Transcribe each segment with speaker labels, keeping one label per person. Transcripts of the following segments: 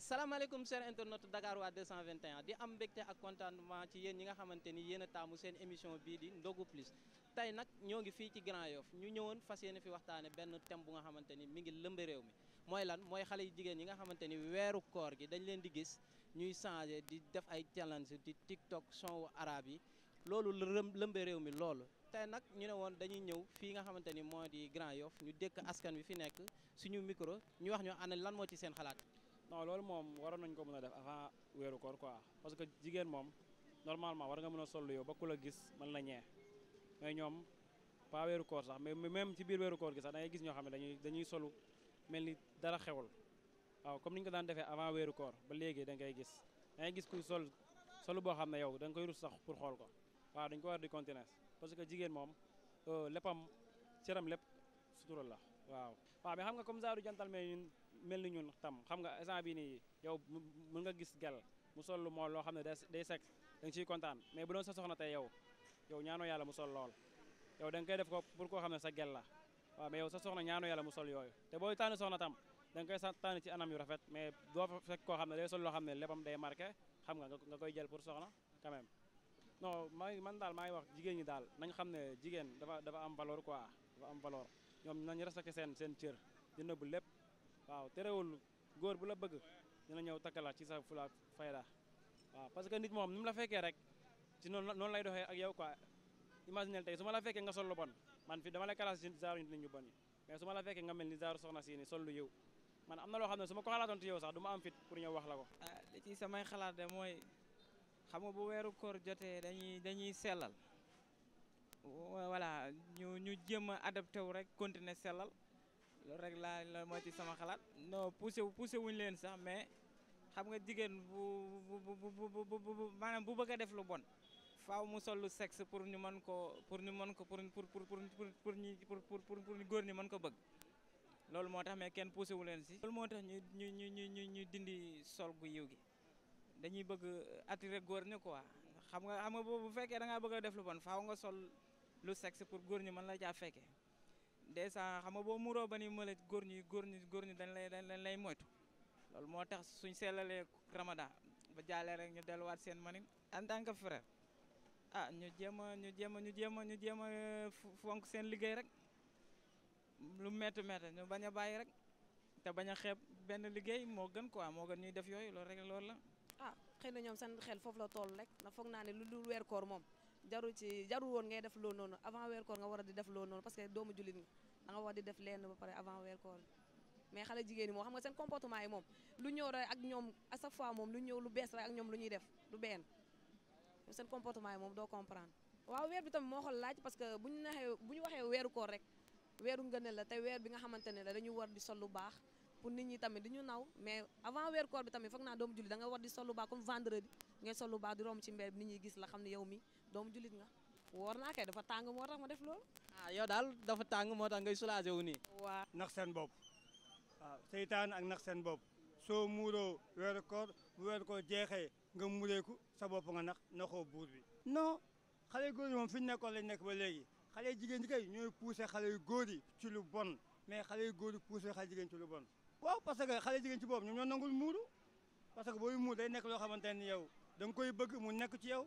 Speaker 1: salaamaaleykum chers internautes Dakar waa 221 di am mbégte ak contentement ci yéen ñi nga xamante ni yéen taamu seen émission bii di ndogu plus tey nag ñoo ngi fii ci Grand Yoff ñu ñëwoon fas yéene fi waxtaane benn thème bu nga xamante ni mi ngi lëmb réew mi mooy lan mooy xale yu jigéen ñi nga xamante ni weeru koor gi dañ leen di gis ñuy changé di def ay challenge di TikTok son araab yi loolu lëmb réew mi loolu tey nag ñu ne woon dañuy ñëw fii nga xamante ni moo di Grand Yoff ñu dékk askan wi fi nekk suñu micro ñu wax ñu
Speaker 2: ana lan moo ci seen xalaat non loolu mom waroon nañ ko mëna def avant weeru koor quoi parce que jigen mom normalement war nga mëna a sol yow ba ku la gis man la ñé mais ñom pa weeru koor sax mais même ci biir weeru koor gi sax da ngay gis ño xam dañuy dañuy solo melni dara xewul waaw comme niñ ko daan défé avant weeru koor ba légui da ngay gis da ngay gis kuy sol solo bo xam yow da ngay koy rus sax pour xol ko waaw dañ ko war di continuer parce que jigen mom euh lepam cëram lépp sutura la waaw waaw mais xam nga comme genre jantal mais mel ni ñun tam xam nga instant bi nii yow mën nga gis gel mu sol lu moo loo xam ne day sec da nga kontaan mais bu doon sa soxna tey yow yow ñaanoo yàlla mu sol lool yow da koy def ko pour koo xam ne sa gel la waaw mais yow sa soxna ñaanoo yàlla mu sol yooyu te booy tànn soxna tam da nga koy sa tànn ci anam yu rafet mais boo fa fekk koo xam ne day sol loo xam ne lebam day marqué xam nga nga koy jël pour soxna quand même non maa man daal maa ngi wax jigéen ñi daal nañ xam ne jigéen dafa dafa am valeur quoi dafa am valeur ñoom nañ respecté seen seen cër di nëbb lépp waaw terewul góor bu la bëgg dina ñëw takkala ci sa fula fayda waaw parce que nit moom ni mu la fekkee rek ci noonu noonu lay doxee ak yow quoi imaginel tey su ma la fekkee nga sol lu bon man fi dama lay classé ci genre nit ñu bon yi mais fekkee nga mel ni genre soxna si ni sol lu yiw man am na loo xam ne su ma ko xalaatoon ci yow sax du ma am fit pour ñëw wax la ko. ah li ci samay xalaat de mooy xam nga bu weeru koor jotee dañuy dañuy sellal
Speaker 3: voilà ñu ñu jéem a adapté wu rek continuer sellal. loolu rek laa la moo ci sama xalaat no poussé poussé wuñ leen sax mais xam nga bu bu bu bu bu bu bu bu bëgg a def lu bon faaw mu sol lu sexe pour ñu mën ko pour ñu mën ko pour pour pour pour pour ñi pour pour pour góor ñi mën ko bëgg loolu moo tax mais kenn poussé wu leen si. loolu moo tax ñu ñu ñu ñu ñu dindi sol gu yiw gi dañuy bëgg attirer góor ñi quoi xam nga xam nga bu fekkee da ngaa bëgg def lu bon faaw nga sol lu sexe pour góor ñi mën la ja fekkee dèjà xam nga boo muuroo ba ni mële gor ñuy gor ñuy góor ñi dañ lay dañ lay moytu loolu mo tax suñu seelalee ramadan ba jaalee rek ñu delu wat seen mani en tant que frère ah ñu jema ñu jema ñu jema ñu jema euh, fonk seen liggéey rek lu metti metti ñu baña a rek te baña a ben benn liggéey moo gën quoi mo gën ñuy def yoy loolu rek loolu la
Speaker 4: ah xeyna ñom ñoom seen xel foofu la toll rek na fogg na ne lu lu weer koor mom jaru ci jaru won ngay def lo non avant wer koor nga wara di def lo non parce que doomu jullit nga da nga wara di def lenn ba pare avant wer koor mais xala jigéen ñi moom xam nga sen comportement yi mom lu ñëw rek ak ñom à chaque fois mom lu ñew lu bess rek ak ñom lu ñuy def du benn sen comportement yi mom do comprendre waaw wer bi tam mo xol laaj parce que buñu nexé buñu waxé wer koor rek weeru la te wer bi nga xamantene la dañu war di sol lu baax pour nit ñi tamit di naw mais avant wer koor bi tamit fakk na doomu julli da nga war di sol lu baax comme vendredi ngay sol lu baax di rom ci mbé nit ñi gis la xamni yow mi doomu jullit nga. woor naa kay dafa tàng moo tax ma def loolu.
Speaker 5: ah yow daal dafa tàng moo tax ngay soulagé wu ni waaw nax seen bopp waaw ah, seytaan ak nax seen bopp soo muuroo weeru koor bu weeru koor jeexee nga muureeku sa bopp nga nax naxoo buur bi. non xale góor yi moom fi ñu nekkoon lañ nekk ba léegi xale jigéen ñi kay ñooy poussé xale yu góor yi ci lu bon mais xale yu góor yi poussé xale jigéen ci lu bon. waaw parce que xale jigéen ci boobu ñoom ñoo nangul muuru parce que booy muur day nekk loo xamante ne yow da koy bëgg mu nekk ci yow.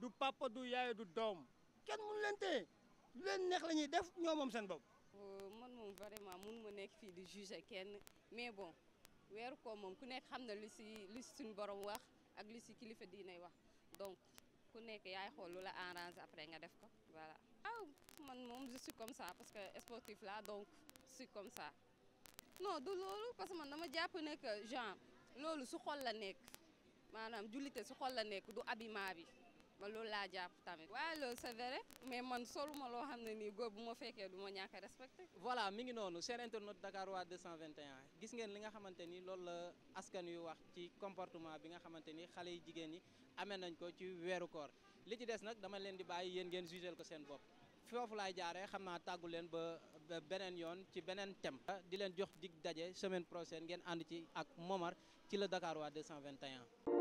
Speaker 5: du papa du yaay du dom. kenn mënu leen téye lu leen neex la ñuy def ñoo moom seen mon
Speaker 6: euh, man moom vraiment mun ma nekk fii di juger kenn mais bon weeru ko moom ku nekk xam na lu si lu si suñu borom wax ak lu kilifa diinay wax donc ku nekk yaay xool lu la arrange après nga def ko voilà. ah man moom je suis comme ça parce que sportif la donc je suis comme ça non du loolu parce que man dama jàpp ne que genre loolu su xol la nekk maanaam jullite su xol la nekk du abima bi. ba loolu laa jàpp tamit waaye loolu c'est mais man soluma loo xam ne nii góor bu ma fekkee du ma ñàkk a
Speaker 1: voilà mi ngi noonu seen internaute Dakarois 221 gis ngeen li nga xamante ni loolu la askan yu wax ci comportement bi nga xamante ni xale yi jigéen ñi amee nañ ko ci weeru koor li ci des nag dama leen di bàyyi yéen ngeen jugeel ko seen bopp foofu laay jaaree xam naa tàggu leen ba beneen yoon ci beneen thème di leen jox digg daje semaine prochaine ngeen ànd ci ak Momar ci la Dakarois 221